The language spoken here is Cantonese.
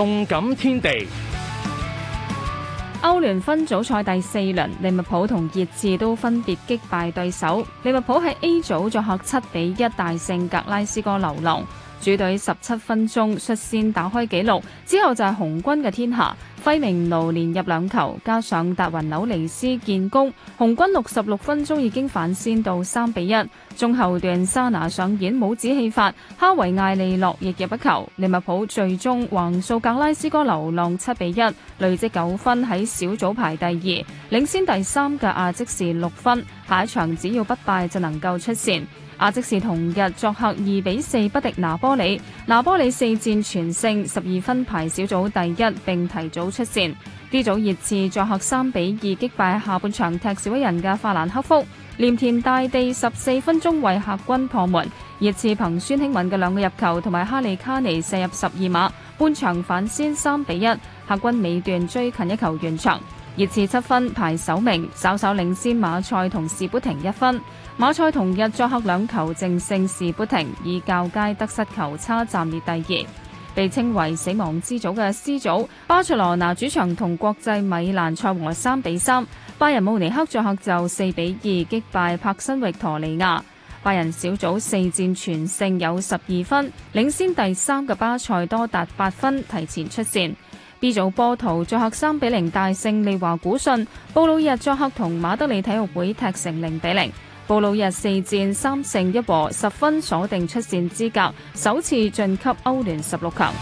動感天地，歐聯分組賽第四輪，利物浦同熱刺都分別擊敗對手。利物浦喺 A 組作客七比一大勝格拉斯哥流浪，主隊十七分鐘率先打開紀錄，之後就係紅軍嘅天下。費明奴連入兩球，加上達雲紐尼斯建功，紅軍六十六分鐘已經反先到三比一。中後段沙拿上演帽子戲法，哈唯艾利諾亦入一球，利物浦最終橫掃格拉斯哥流浪七比一，累積九分喺小組排第二，領先第三嘅阿積士六分，下一場只要不敗就能夠出線。阿積士同日作客二比四不敵拿玻里，拿玻里四戰全勝，十二分排小組第一，並提早出線。D 組熱刺作客三比二擊敗下半場踢少一人嘅法蘭克福，廉田大地十四分鐘為客軍破門，熱刺憑孫興慜嘅兩個入球同埋哈利卡尼射入十二碼，半場反先三比一，客軍尾段追近一球完場。熱刺七分排首名，稍稍領先馬賽同士砵亭一分。馬賽同日作客兩球淨勝士砵亭，以較佳得失球差暫列第二。被稱為死亡之組嘅 C 組，巴塞羅那主場同國際米蘭賽和三比三，拜仁慕尼黑作客就四比二擊敗柏辛域陀尼亞。拜仁小組四戰全勝，有十二分，領先第三嘅巴塞多達八分，提前出線。B 組波圖作客三比零大勝利華古信，布魯日作客同馬德里體育會踢成零比零，布魯日四戰三勝一和，十分鎖定出線資格，首次晉級歐聯十六強。